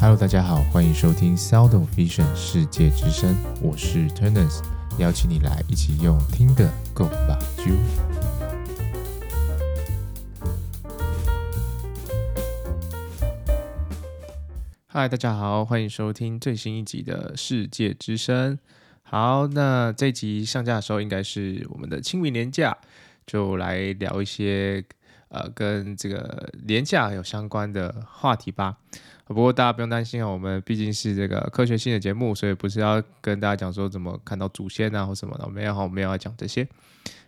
Hello，大家好，歡迎收聽 Sound of Vision 世界之聲，我是 Turners，邀請你來一起用聽的共吧。Hi，大家好，歡迎收聽最新一集的世界之聲。好，那這集上架的時候應該是我們的清明連假，就來聊一些。呃，跟這個連假有相關的話題吧。不過大家不用擔心啊、哦，我們畢竟是這個科學性的節目，所以不是要跟大家講說怎麼看到祖先啊或什麼的。沒有哦，沒有要講這些。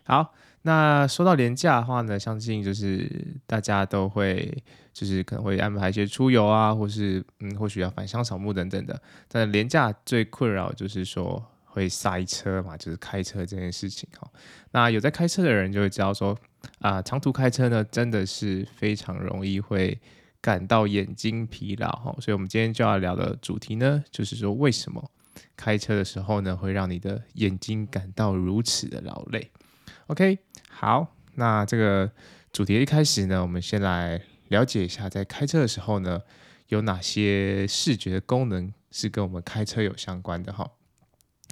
好，那說到連假的話呢，相信就是大家都會，就是可能會安排一些出遊啊，或是嗯，或許要返鄉掃墓等等的。但是連假最困擾就是說會塞車嘛，就是開車這件事情哈、哦。那有在開車的人就會知道說。啊，長途開車呢，真的是非常容易會感到眼睛疲勞哈。所以，我們今天就要聊的主題呢，就是說為什麼開車的時候呢，會讓你的眼睛感到如此的勞累。OK，好，那這個主題一開始呢，我們先來了解一下，在開車的時候呢，有哪些視覺功能是跟我們開車有相關的哈。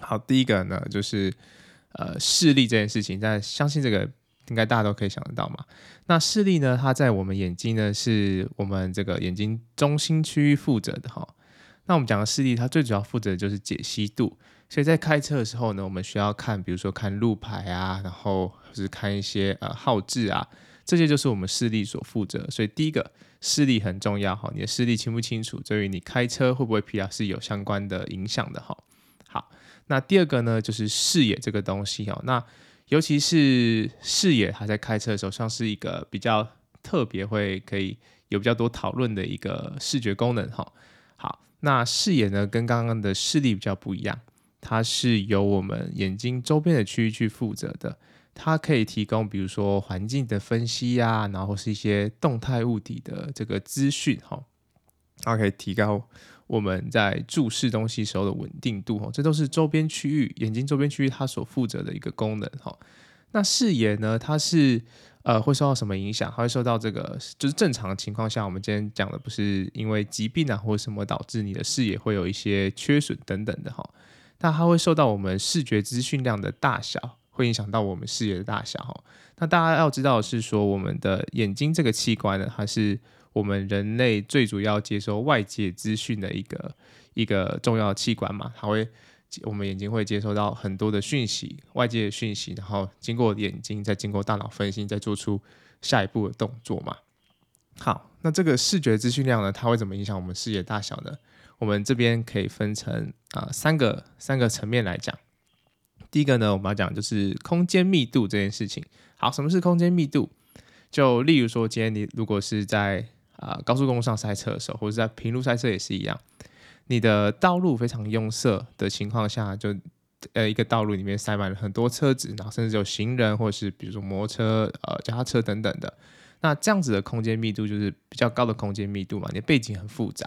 好，第一個呢，就是呃視力這件事情，但相信這個。應該大家都可以想得到嘛。那視力呢？它在我們眼睛呢，是我們這個眼睛中心區域負責的哈。那我們講的視力，它最主要負責的就是解析度。所以在開車的時候呢，我們需要看，比如說看路牌啊，然後就是看一些呃號志啊，這些就是我們視力所負責。所以第一個視力很重要哈，你的視力清不清楚，對於你開車會不會疲勞是有相關的影響的哈。好，那第二個呢，就是視野這個東西哈，那尤其是視野，還在開車的時候，像是一個比較特別會可以有比較多討論的一個視覺功能哈。好，那視野呢，跟剛剛的視力比較不一樣，它是由我們眼睛周邊的區域去負責的，它可以提供比如說環境的分析呀、啊，然後是一些動態物體的這個資訊哈，它可以提高。我們在注視東西時候的穩定度，這都是周邊區域眼睛周邊區域它所負責的一個功能，哈。那視野呢？它是呃會受到什麼影響？它會受到這個，就是正常的情況下，我們今天講的不是因為疾病啊或者什麼導致你的視野會有一些缺損等等的，哈。那它會受到我們視覺資訊量的大小，會影響到我們視野的大小，哈。那大家要知道的是說，我們的眼睛這個器官呢，它是。我們人類最主要接收外界資訊的一個一個重要器官嘛，它會我們眼睛會接收到很多的訊息，外界的訊息，然後經過眼睛，再經過大腦分析，再做出下一步的動作嘛。好，那這個視覺資訊量呢，它會怎麼影響我們視野大小呢？我們這邊可以分成啊、呃、三個三個層面來講。第一個呢，我們要講就是空間密度這件事情。好，什麼是空間密度？就例如說，今天你如果是在啊，高速公路上塞車的時候，或者在平路塞車也是一樣，你的道路非常擁塞的情況下，就呃一個道路裡面塞滿了很多車子，然後甚至有行人或者是比如說摩托車、呃腳踏車等等的，那這樣子的空間密度就是比較高的空間密度嘛，你的背景很複雜，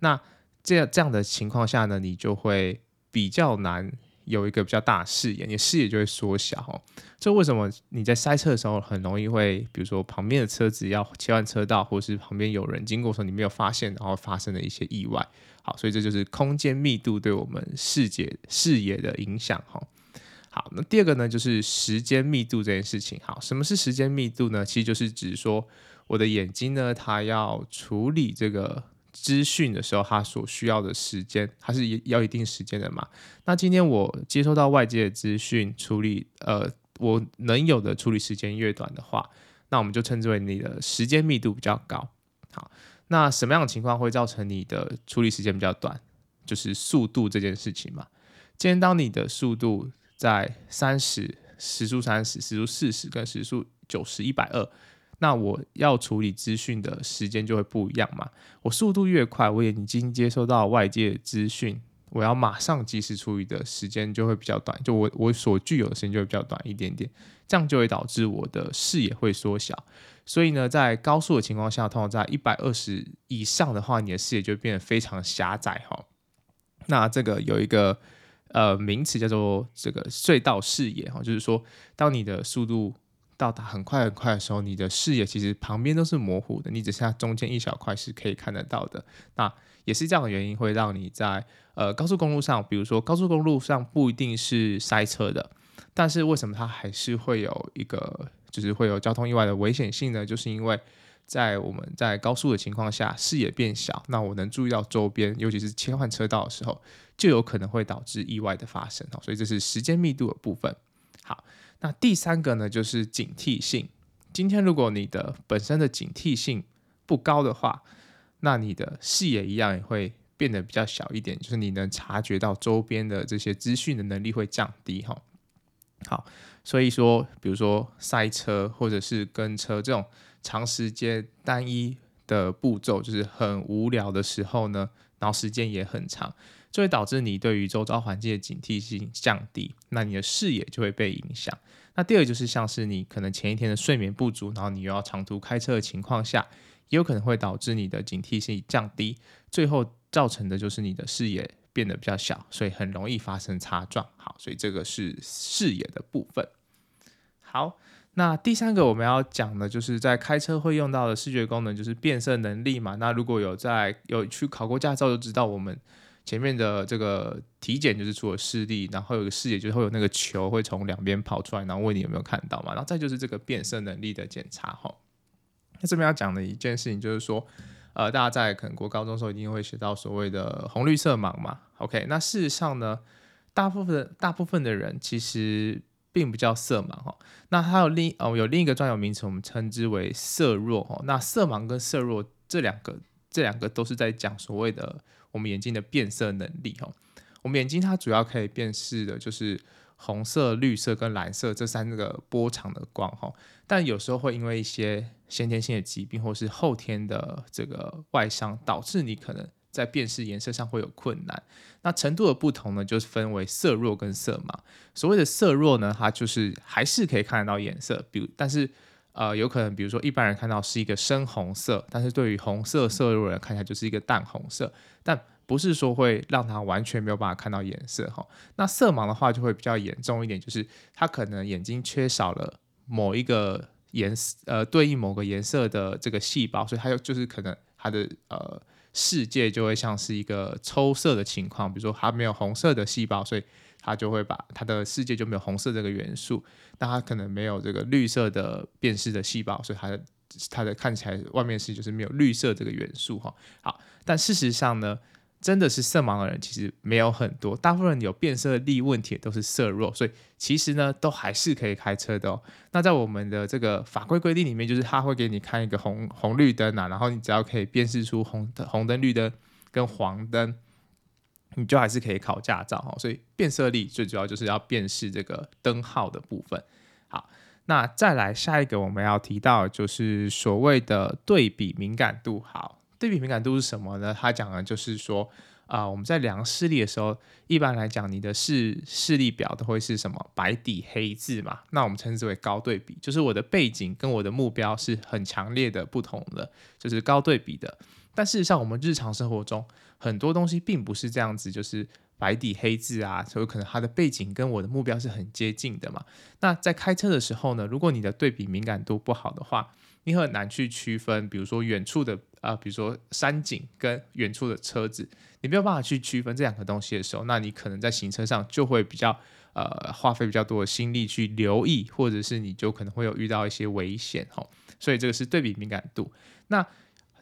那這樣這樣的情況下呢，你就會比較難。有一個比較大的視野，你視野就會縮小。哦，這為什麼你在塞車的時候很容易會，比如說旁邊的車子要切換車道，或者是旁邊有人經過的時候你沒有發現，然後發生了一些意外。好，所以這就是空間密度對我們視野視野的影響。哈，好，那第二個呢，就是時間密度這件事情。好，什麼是時間密度呢？其實就是指說我的眼睛呢，它要處理這個。資訊的時候，它所需要的時間，它是要一定時間的嘛。那今天我接收到外界的資訊處理，呃，我能有的處理時間越短的話，那我們就稱之為你的時間密度比較高。好，那什麼樣的情況會造成你的處理時間比較短？就是速度這件事情嘛。今天當你的速度在三十、時速三十、時速四十跟時速九十、一百二。那我要處理資訊的時間就會不一樣嘛。我速度越快，我也已經接收到外界資訊，我要馬上及時處理的時間就會比較短，就我我所具有的時間就會比較短一點點，這樣就會導致我的視野會縮小。所以呢，在高速的情況下，通常在一百二十以上的話，你的視野就會變得非常狹窄哈。那這個有一個呃名詞叫做這個隧道視野哈，就是說當你的速度。到達很快很快的時候，你的視野其實旁邊都是模糊的，你只剩下中間一小塊是可以看得到的。那也是這樣的原因，會讓你在呃高速公路上，比如說高速公路上不一定是塞車的，但是為什麼它還是會有一個就是會有交通意外的危險性呢？就是因為在我們在高速的情況下，視野變小，那我能注意到周邊，尤其是切換車道的時候，就有可能會導致意外的發生。所以這是時間密度的部分。好。那第三個呢，就是警惕性。今天如果你的本身的警惕性不高的話，那你的視野一樣也會變得比較小一點，就是你能察覺到周邊的這些資訊的能力會降低哈。好，所以說，比如說塞車或者是跟車這種長時間單一的步驟，就是很無聊的時候呢，然後時間也很長，就會導致你對於周遭環境的警惕性降低，那你的視野就會被影響。那第二就是像是你可能前一天的睡眠不足，然後你又要長途開車的情況下，也有可能會導致你的警惕性降低，最後造成的就是你的視野變得比較小，所以很容易發生擦撞。好，所以這個是視野的部分。好，那第三個我們要講的就是在開車會用到的視覺功能，就是辨色能力嘛。那如果有在有去考過駕照，就知道我們。前面的這個體檢就是除了視力，然後有個視野，就是會有那個球會從兩邊跑出來，然後問你有沒有看到嘛。然後再就是這個辨色能力的檢查哈。那這邊要講的一件事情就是說，呃，大家在可能國高中的時候一定會學到所謂的紅綠色盲嘛。OK，那事實上呢，大部分的大部分的人其實並不叫色盲哈。那還有另哦，有另一個專有名詞，我們稱之為色弱哦。那色盲跟色弱這兩個，這兩個都是在講所謂的。我們眼睛的辨色能力，哦，我們眼睛它主要可以辨識的就是紅色、綠色跟藍色這三個波長的光，哦，但有時候會因為一些先天性的疾病，或是後天的這個外傷，導致你可能在辨識顏色上會有困難。那程度的不同呢，就是分為色弱跟色盲。所謂的色弱呢，它就是還是可以看得到顏色，比如但是。呃，有可能，比如說一般人看到是一個深紅色，但是對於紅色色弱的人看起來就是一個淡紅色，但不是說會讓他完全沒有辦法看到顏色哈。那色盲的話就會比較嚴重一點，就是他可能眼睛缺少了某一個顏色，呃，對應某個顏色的這個細胞，所以他就就是可能他的呃世界就會像是一個抽色的情況，比如說他沒有紅色的細胞，所以。他就會把他的世界就沒有紅色這個元素，但他可能沒有這個綠色的辨識的細胞，所以他的他的看起來外面是就是沒有綠色這個元素哈。好，但事實上呢，真的是色盲的人其實沒有很多，大部分人有辨色的力問題都是色弱，所以其實呢都還是可以開車的哦。那在我們的這個法規規定裡面，就是他會給你看一個紅紅綠燈啊，然後你只要可以辨識出紅紅燈、綠燈跟黃燈。你就還是可以考駕照哈，所以辨色力最主要就是要辨識這個燈號的部分。好，那再來下一個我們要提到的就是所謂的對比敏感度。好，對比敏感度是什麼呢？它講的就是說啊、呃，我們在量視力的時候，一般來講你的視視力表都會是什麼？白底黑字嘛。那我們稱之為高對比，就是我的背景跟我的目標是很強烈的不同的，就是高對比的。但事實上，我們日常生活中，很多東西並不是這樣子，就是白底黑字啊，所以可能它的背景跟我的目標是很接近的嘛。那在開車的時候呢，如果你的對比敏感度不好的話，你很難去區分，比如說遠處的啊、呃，比如說山景跟遠處的車子，你沒有辦法去區分這兩個東西的時候，那你可能在行車上就會比較呃花費比較多的心力去留意，或者是你就可能會有遇到一些危險吼，所以這個是對比敏感度。那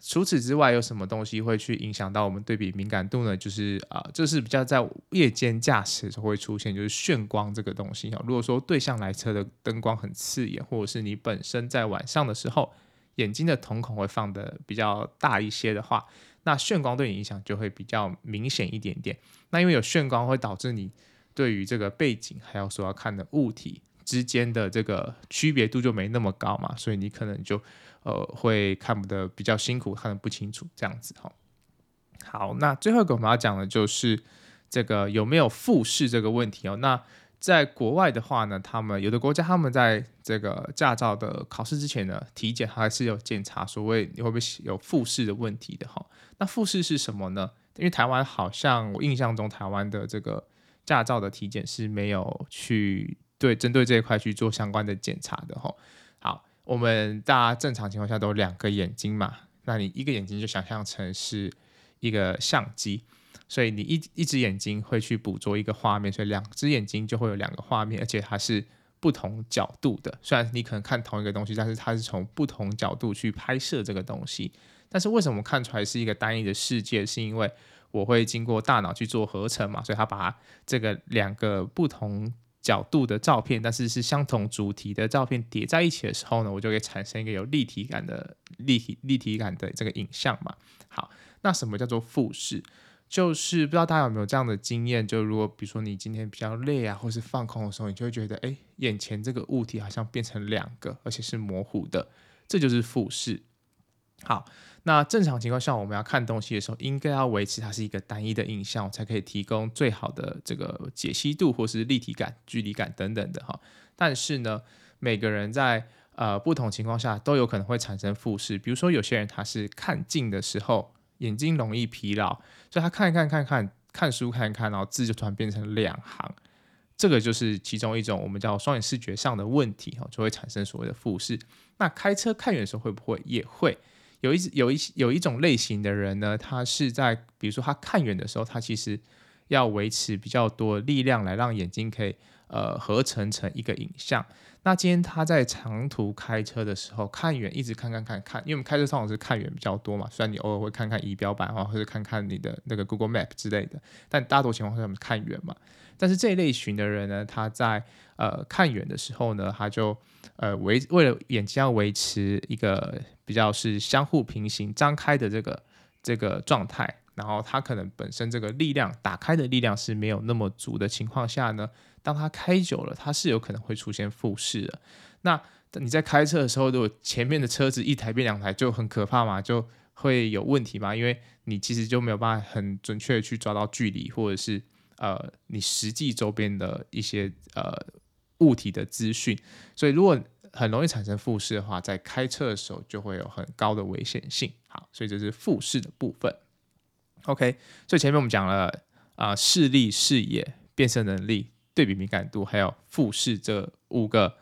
除此之外，有什麼東西會去影響到我們對比敏感度呢？就是啊，這、呃就是比較在夜間駕駛時會出現，就是眩光這個東西哈。如果說對向來車的燈光很刺眼，或者是你本身在晚上的時候，眼睛的瞳孔會放得比較大一些的話，那眩光對你影響就會比較明顯一點點。那因為有眩光會導致你對於這個背景還有說要看的物體之間的這個區別度就沒那麼高嘛，所以你可能就。呃，會看得比較辛苦，看得不清楚這樣子哈。好，那最後一個我們要講的就是這個有沒有複視這個問題哦。那在國外的話呢，他們有的國家，他們在這個駕照的考試之前呢，體檢還是有檢查所謂你會不會有複視的問題的哈。那複視是什麼呢？因為台灣好像我印象中，台灣的這個駕照的體檢是沒有去對針對這一塊去做相關的檢查的哈。我們大家正常情況下都有兩個眼睛嘛，那你一個眼睛就想象成是一個相機，所以你一一只眼睛會去捕捉一個畫面，所以兩只眼睛就會有兩個畫面，而且它是不同角度的。雖然你可能看同一個東西，但是它是從不同角度去拍攝這個東西。但是為什麼看出來是一個單一的世界？是因為我會經過大腦去做合成嘛，所以它把這個兩個不同。角度的照片，但是是相同主題的照片疊在一起的時候呢，我就會產生一個有立體感的立體立體感的這個影像嘛。好，那什麼叫做複視？就是不知道大家有沒有這樣的經驗，就如果比如說你今天比較累啊，或是放空的時候，你就會覺得哎、欸，眼前這個物體好像變成兩個，而且是模糊的。這就是複視。好。那正常情況下，我們要看東西的時候，應該要維持它是一個單一的影像，才可以提供最好的這個解析度或是立體感、距離感等等的哈。但是呢，每個人在呃不同情況下都有可能會產生複視，比如說有些人他是看近的時候眼睛容易疲勞，所以他看一看看看看書看一看，然後字就突然變成兩行，這個就是其中一種我們叫雙眼視覺上的問題哈，就會產生所謂的複視。那開車看遠的時候會不會也會？有一有一有一種類型的人呢，他是在比如說他看遠的時候，他其實要維持比較多力量來讓眼睛可以呃合成成一個影像。那今天他在長途開車的時候看遠，一直看看看看，因為我們開車通常是看遠比較多嘛，雖然你偶爾會看看儀表板啊，或者是看看你的那個 Google Map 之類的，但大多情況是我們看遠嘛。但是這一類型的人呢，他在呃看遠的時候呢，他就呃維為了眼睛要維持一個比較是相互平行、張開的這個這個狀態，然後他可能本身這個力量打開的力量是沒有那麼足的情況下呢，當他開久了，他是有可能會出現複視的。那你在開車的時候，如果前面的車子一台變兩台就很可怕嘛，就會有問題嘛，因為你其實就沒有辦法很準確的去抓到距離或者是。呃，你實際周邊的一些呃物體的資訊，所以如果很容易產生複視的話，在開車的時候就會有很高的危險性。好，所以這是複視的部分。OK，所以前面我們講了啊、呃，視力、視野、辨色能力、對比敏感度，還有複視這五個，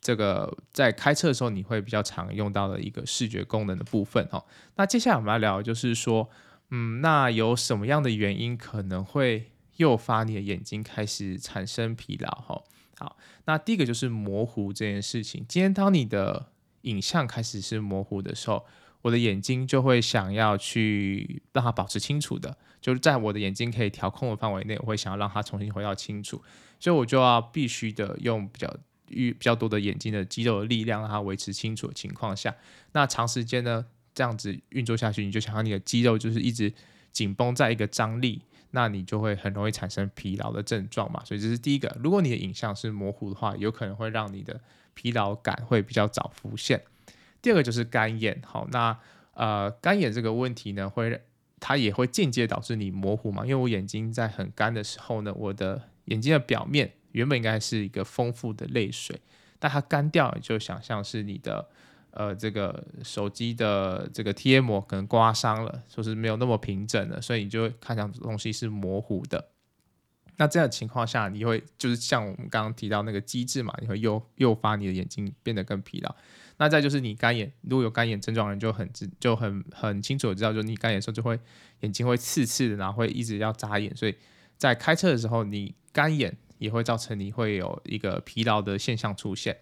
這個在開車的時候你會比較常用到的一個視覺功能的部分。哦，那接下來我們要聊的就是說，嗯，那有什麼樣的原因可能會？誘發你的眼睛開始產生疲勞，吼，好，那第一個就是模糊這件事情。今天當你的影像開始是模糊的時候，我的眼睛就會想要去讓它保持清楚的，就是在我的眼睛可以調控的範圍內，我會想要讓它重新回到清楚，所以我就要必須的用比較用比較多的眼睛的肌肉的力量讓它維持清楚的情況下，那長時間呢，這樣子運作下去，你就想要你的肌肉就是一直緊繃在一個張力。那你就會很容易產生疲勞的症狀嘛，所以這是第一個。如果你的影像是模糊的話，有可能會讓你的疲勞感會比較早浮現。第二個就是乾眼，好，那呃乾眼這個問題呢，會它也會間接導致你模糊嘛，因為我眼睛在很乾的時候呢，我的眼睛的表面原本應該是一個豐富的淚水，但它乾掉，就想象是你的。呃，這個手機的這個貼膜可能刮傷了，說、就是沒有那麼平整了，所以你就會看上去東西是模糊的。那這樣的情況下，你會就是像我們剛剛提到那個機制嘛，你會誘誘發你的眼睛變得更疲勞。那再就是你乾眼，如果有乾眼症狀的人就很就很很清楚的知道，就你乾眼的時候就會眼睛會刺刺的，然後會一直要眨眼。所以在開車的時候，你乾眼也會造成你會有一個疲勞的現象出現。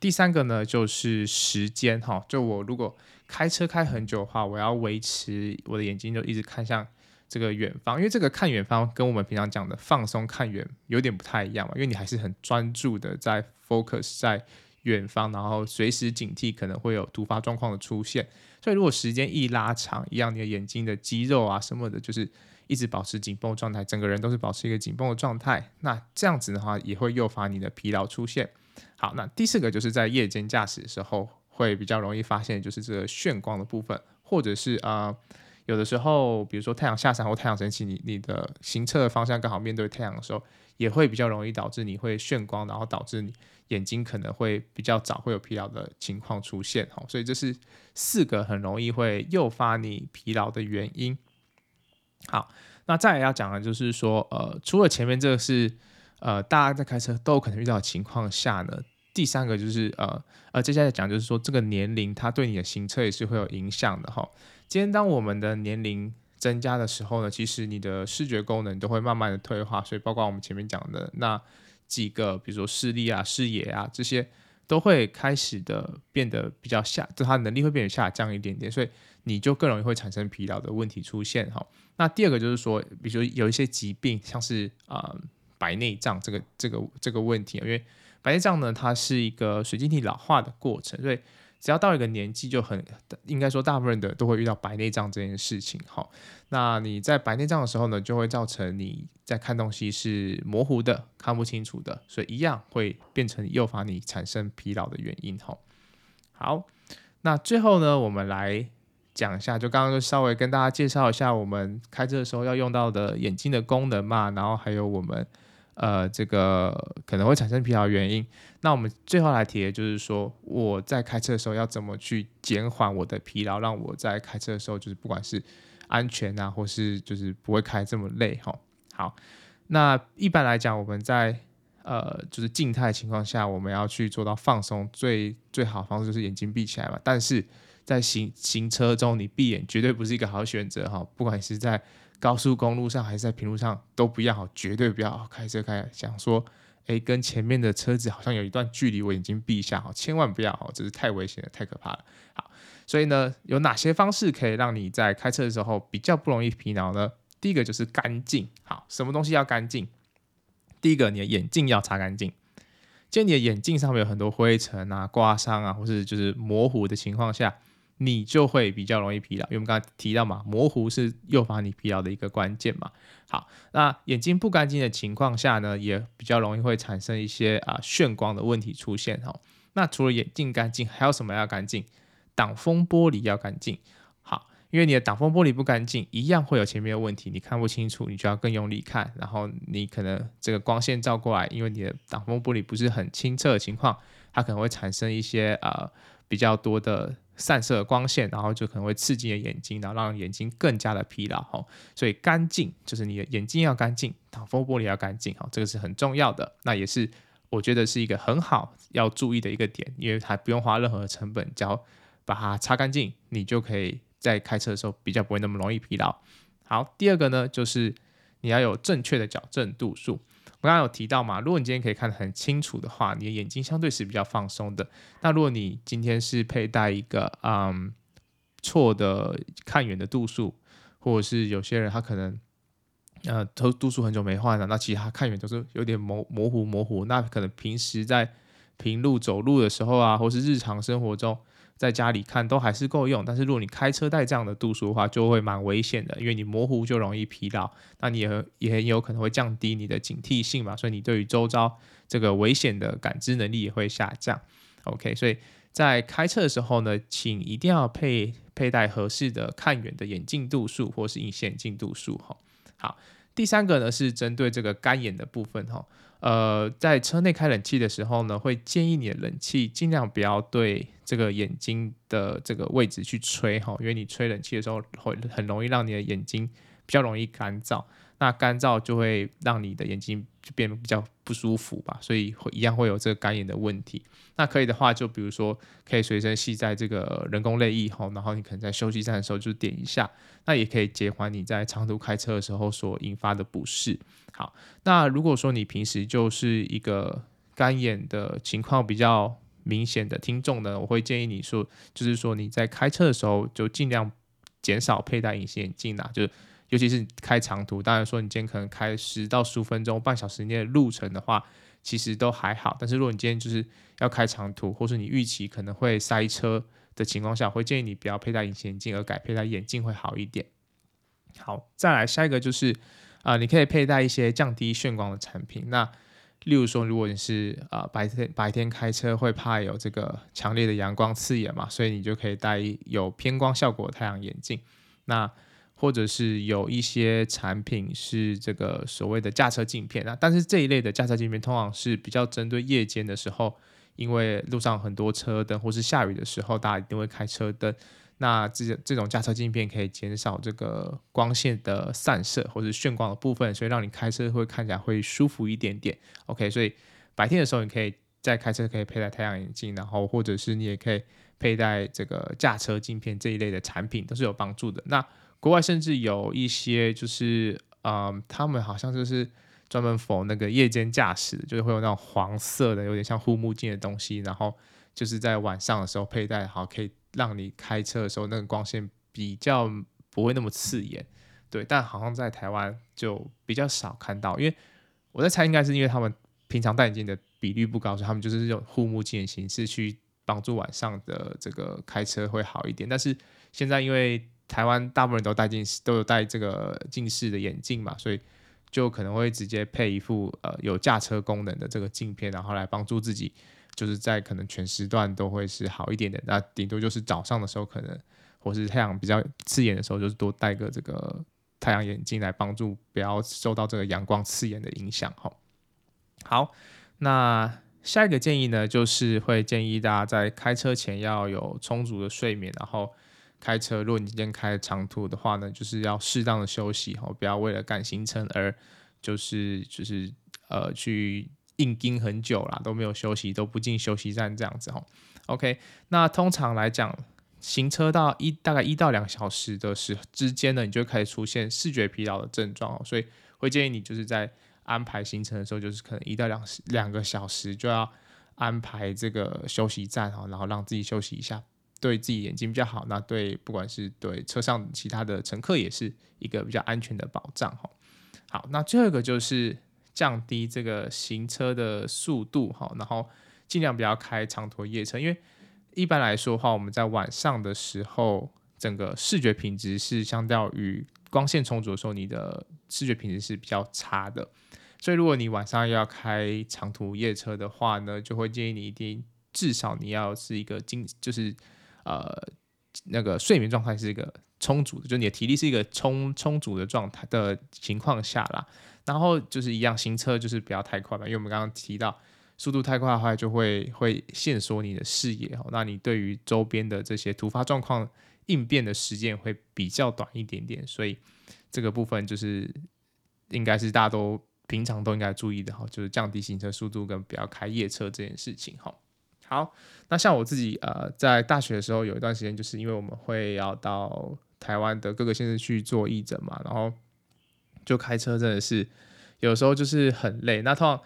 第三個呢，就是時間哈，就我如果開車開很久的話，我要維持我的眼睛就一直看向這個遠方，因為這個看遠方跟我們平常講的放鬆看遠有點不太一樣嘛，因為你還是很專注的在 focus 在遠方，然後隨時警惕可能會有突發狀況的出現，所以如果時間一拉長，一樣你的眼睛的肌肉啊什麼的，就是一直保持緊繃狀態，整個人都是保持一個緊繃的狀態，那這樣子的話也會誘發你的疲勞出現。好，那第四個就是在夜間駕駛的時候，會比較容易發現，就是這個眩光的部分，或者是啊、呃，有的時候，比如說太陽下山或太陽升起，你你的行車的方向剛好面對太陽的時候，也會比較容易導致你會眩光，然後導致你眼睛可能會比較早會有疲勞的情況出現。好、哦，所以這是四個很容易會誘發你疲勞的原因。好，那再來要講的就是說，呃，除了前面這個是。呃，大家在開車都有可能遇到的情況下呢，第三個就是呃呃，接下來講就是說這個年齡它對你的行車也是會有影響的哈。今天當我們的年齡增加的時候呢，其實你的視覺功能都會慢慢的退化，所以包括我們前面講的那幾個，比如說視力啊、視野啊這些，都會開始的變得比較下，就它能力會變得下降一點點，所以你就更容易會產生疲勞的問題出現哈。那第二個就是說，比如說有一些疾病，像是啊。呃白內障這個這個這個問題，因為白內障呢，它是一個水晶體老化的過程，所以只要到一個年紀就很應該說大部分的都會遇到白內障這件事情。哈，那你在白內障的時候呢，就會造成你在看東西是模糊的、看不清楚的，所以一樣會變成誘發你產生疲勞的原因。哈，好，那最後呢，我們來講一下，就剛剛就稍微跟大家介紹一下我們開車的時候要用到的眼睛的功能嘛，然後還有我們。呃，這個可能會產生疲勞原因。那我們最後來提的就是說，我在開車的時候要怎麼去減緩我的疲勞，讓我在開車的時候就是不管是安全啊，或是就是不會開這麼累哈。好，那一般來講，我們在呃就是靜態的情況下，我們要去做到放鬆，最最好的方式就是眼睛閉起來嘛。但是在行行車中，你閉眼絕對不是一個好選擇哈，不管是在。高速公路上還是在平路上都不要絕對不要開車開，想說，誒、欸，跟前面的車子好像有一段距離，我眼睛閉下好，千萬不要哦，這是太危險了，太可怕了。好，所以呢，有哪些方式可以讓你在開車的時候比較不容易疲勞呢？第一個就是乾淨，好，什麼東西要乾淨？第一個，你的眼鏡要擦乾淨。就你的眼鏡上面有很多灰塵啊、刮傷啊，或是就是模糊的情況下。你就會比較容易疲勞，因為我們剛才提到嘛，模糊是誘發你疲勞的一個關鍵嘛。好，那眼睛不乾淨的情況下呢，也比較容易會產生一些啊眩、呃、光的問題出現哈、哦。那除了眼鏡乾淨，還有什麼要乾淨？擋風玻璃要乾淨。好，因為你的擋風玻璃不乾淨，一樣會有前面的問題，你看不清楚，你就要更用力看，然後你可能這個光線照過來，因為你的擋風玻璃不是很清澈的情況，它可能會產生一些啊、呃、比較多的。散射光線，然後就可能會刺激眼睛，然後讓眼睛更加的疲勞。所以乾淨就是你的眼睛要乾淨，擋風玻璃要乾淨，好，這個是很重要的。那也是我覺得是一個很好要注意的一個點，因為還不用花任何成本，只要把它擦乾淨，你就可以在開車的時候比較不會那麼容易疲勞。好，第二個呢，就是你要有正確的矯正度數。我剛剛有提到嘛，如果你今天可以看得很清楚的話，你的眼睛相對是比較放鬆的。那如果你今天是佩戴一個嗯錯的看遠的度數，或者是有些人他可能呃都度數很久沒換了，那其實他看遠都是有點模模糊模糊。那可能平時在平路走路的時候啊，或者是日常生活中。在家裡看都還是夠用，但是如果你開車戴這樣的度數的話，就會蠻危險的，因為你模糊就容易疲勞，那你也很也很有可能會降低你的警惕性嘛，所以你對於周遭這個危險的感知能力也會下降。OK，所以在開車的時候呢，請一定要配佩戴合適的看遠的眼鏡度數或是隱形眼鏡度數哈。好，第三個呢是針對這個乾眼的部分哈。呃，在車內開冷氣的時候呢，會建議你的冷氣盡量不要對這個眼睛的這個位置去吹哈，因為你吹冷氣的時候會很容易讓你的眼睛比較容易乾燥，那乾燥就會讓你的眼睛。就變得比較不舒服吧，所以會一樣會有這個乾眼的問題。那可以的話，就比如說可以隨身繫在這個人工淚液後，然後你可能在休息站的時候就點一下，那也可以減緩你在長途開車的時候所引發的不適。好，那如果說你平時就是一個乾眼的情況比較明顯的聽眾呢，我會建議你說，就是說你在開車的時候就儘量減少佩戴隱形眼鏡啦，啊，就是。尤其是開長途，當然說你今天可能開十到十五分鐘、半小時內的路程的話，其實都還好。但是如果你今天就是要開長途，或是你預期可能會塞車的情況下，我會建議你不要佩戴隱形眼鏡，而改佩戴眼鏡會好一點。好，再來下一個就是啊、呃，你可以佩戴一些降低眩光的產品。那例如說，如果你是啊、呃、白天白天開車，會怕有這個強烈的陽光刺眼嘛，所以你就可以戴有偏光效果的太陽眼鏡。那或者是有一些產品是這個所謂的駕車鏡片那，啊，但是這一類的駕車鏡片通常是比較針對夜間的時候，因為路上很多車燈，或是下雨的時候，大家一定會開車燈。那這這種駕車鏡片可以減少這個光線的散射或是眩光的部分，所以讓你開車會看起來會舒服一點點。OK，所以白天的時候你可以在開車可以佩戴太陽眼鏡，然後或者是你也可以佩戴這個駕車鏡片這一類的產品都是有幫助的。那國外甚至有一些就是，嗯，他們好像就是專門 for 那個夜間駕駛，就是會有那種黃色的，有點像護目鏡的東西，然後就是在晚上的時候佩戴好，好可以讓你開車的時候那個光線比較不會那麼刺眼。對，但好像在台灣就比較少看到，因為我在猜，應該是因為他們平常戴眼鏡的比例不高，所以他們就是用護目鏡的形式去幫助晚上的這個開車會好一點。但是現在因為台灣大部分人都戴近視，都有戴這個近視的眼鏡嘛，所以就可能會直接配一副呃有駕車功能的這個鏡片，然後來幫助自己，就是在可能全時段都會是好一點點。那頂多就是早上的時候，可能或是太陽比較刺眼的時候，就是多戴個這個太陽眼鏡來幫助，不要受到這個陽光刺眼的影響。好，好，那下一個建議呢，就是會建議大家在開車前要有充足的睡眠，然後。開車，如果你今天開長途的話呢，就是要適當的休息哦，不要為了趕行程而，就是就是呃，去硬盯很久啦，都沒有休息，都不進休息站這樣子哦。OK，那通常來講，行車到一大概一到兩小時的時之間呢，你就可以出現視覺疲勞的症狀哦，所以會建議你就是在安排行程的時候，就是可能一到兩兩個小時就要安排這個休息站哦，然後讓自己休息一下。對自己眼睛比較好，那對不管是對車上其他的乘客也是一個比較安全的保障哈。好，那這個就是降低這個行車的速度哈，然後儘量不要開長途夜車，因為一般來說的話，我們在晚上的時候，整個視覺品質是相較於光線充足的時候，你的視覺品質是比較差的。所以如果你晚上要開長途夜車的話呢，就會建議你一定至少你要是一個經就是。呃，那個睡眠狀態是一個充足的，就你的體力是一個充充足的狀態的情況下啦。然後就是一樣，行車就是不要太快嘛，因為我們剛剛提到，速度太快的話就會會限縮你的視野哦，那你對於周邊的這些突發狀況應變的時間會比較短一點點，所以這個部分就是應該是大家都平常都應該注意的哈，就是降低行車速度跟不要開夜車這件事情哈。好，那像我自己，呃，在大學的時候有一段時間，就是因為我們會要到台灣的各個縣市去做義診嘛，然後就開車真的是有時候就是很累。那通常，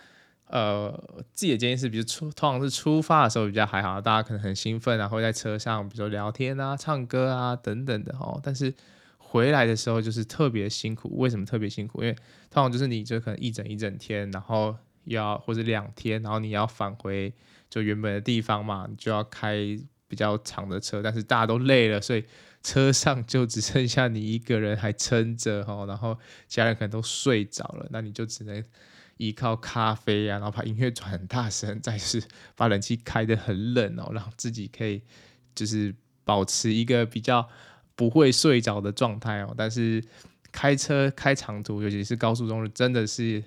呃，自己的建議是，比如出通常是出發的時候比較還好，大家可能很興奮啊，然後在車上，比如說聊天啊、唱歌啊等等的哦。但是回來的時候就是特別辛苦。為什麼特別辛苦？因為通常就是你就可能一整一整天，然後要或者兩天，然後你要返回。就原本的地方嘛，你就要開比較長的車，但是大家都累了，所以車上就只剩下你一個人還撐着哦。然後家人可能都睡着了，那你就只能依靠咖啡呀、啊，然後把音樂轉很大聲，再是把冷氣開得很冷哦，讓自己可以就是保持一個比較不會睡着的狀態哦。但是開車開長途，尤其是高速中的，真的是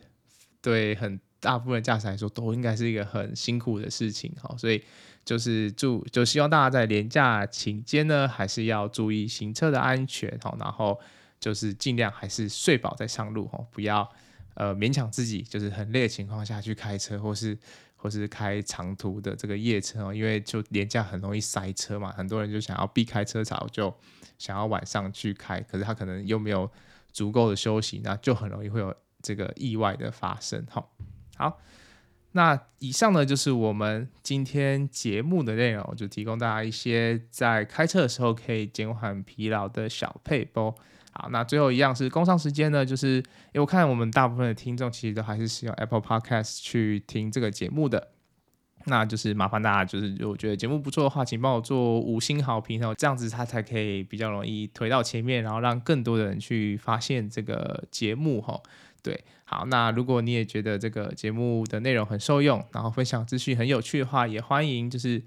對很。大部分駕駛來說，都應該是一個很辛苦的事情，所以就是祝就希望大家在連假期間呢，還是要注意行車的安全，然後就是盡量還是睡飽再上路，哈，不要呃勉強自己，就是很累的情況下去開車，或是或是開長途的這個夜車，因為就連假很容易塞車嘛，很多人就想要避開車潮，就想要晚上去開，可是他可能又沒有足夠的休息，那就很容易會有這個意外的發生，哈。好，那以上呢，就是我們今天節目的內容，就提供大家一些在開車的時候可以減緩疲勞的小撇步。好，那最後一樣是工商時間呢，就是因為、欸、我看我們大部分的聽眾其實都還是使用 Apple Podcast 去聽這個節目的，那就是麻煩大家，就是我覺得節目不錯的話，請幫我做五星好評，哦，這樣子它才可以比較容易推到前面，然後讓更多的人去發現這個節目吼！對，好，那如果你也覺得這個節目的內容很受用，然後分享資訊很有趣的話，也歡迎就是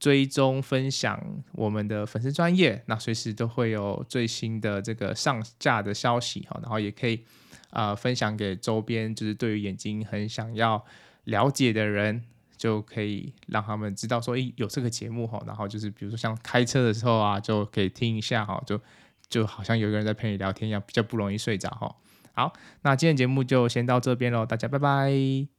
追蹤分享我們的粉絲專頁，那隨時都會有最新的這個上架的消息哈，然後也可以啊、呃、分享給周邊，就是對於眼睛很想要了解的人，就可以讓他們知道說，哎，有這個節目哈，然後就是比如說像開車的時候啊，就可以聽一下哈，就就好像有個人在陪你聊天一樣，比較不容易睡着哈。好，那今天節目就先到這邊嘍，大家拜拜。